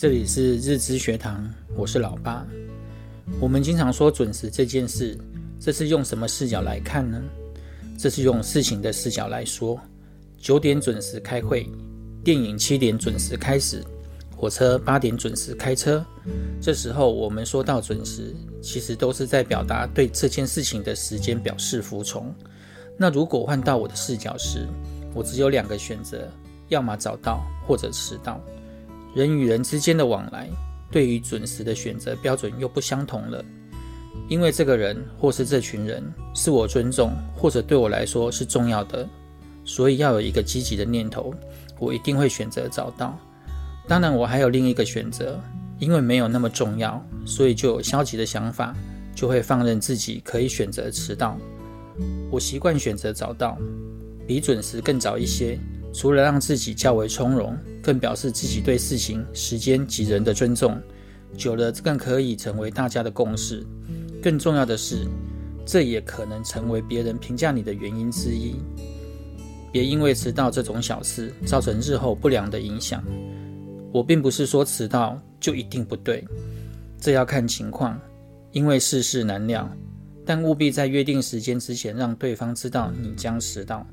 這裡是日資學堂，我是老爸。我們經常說準時這件事，這是用什麼視角來看呢？這是用事情的視角來說。九點準時開會，電影七點準時開始，火車八點準時開車。這時候我們說到準時，其實都是在表達對這件事情的時間表示服從。那如果換到我的視角時，我只有兩個選擇：要麼早到，或者遲到。人與人之間的往來，對於準時的選擇標準又不相同了。因為這個人或是這群人是我尊重，或者對我來說是重要的，所以要有一個積極的念頭，我一定會選擇早到。當然，我還有另一個選擇，因為沒有那麼重要，所以就有消極的想法，就會放任自己可以選擇遲到。我習慣選擇早到，比準時更早一些。除了讓自己較為從容，更表示自己對事情、時間及人的尊重。久了，更可以成為大家的共識。更重要的是，這也可能成為別人評價你的原因之一。別因為遲到這種小事造成日後不良的影響。我並不是說遲到就一定不對，這要看情況。因為世事難料，但務必在約定時間之前讓對方知道你將遲到。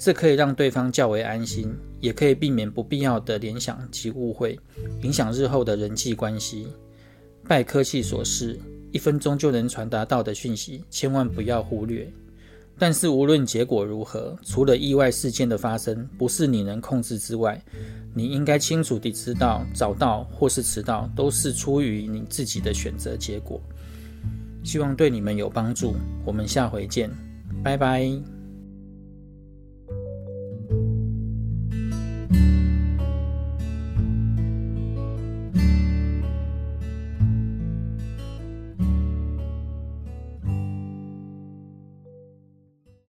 這可以讓對方較為安心，也可以避免不必要的聯想及誤會，影響日後的人際關係。拜科技所賜，一分鐘就能傳達到的訊息，千萬不要忽略。但是無論結果如何，除了意外事件的發生不是你能控制之外，你應該清楚地知道，早到或是遲到，都是出於你自己的選擇結果。希望對你們有幫助。我們下回見，拜拜。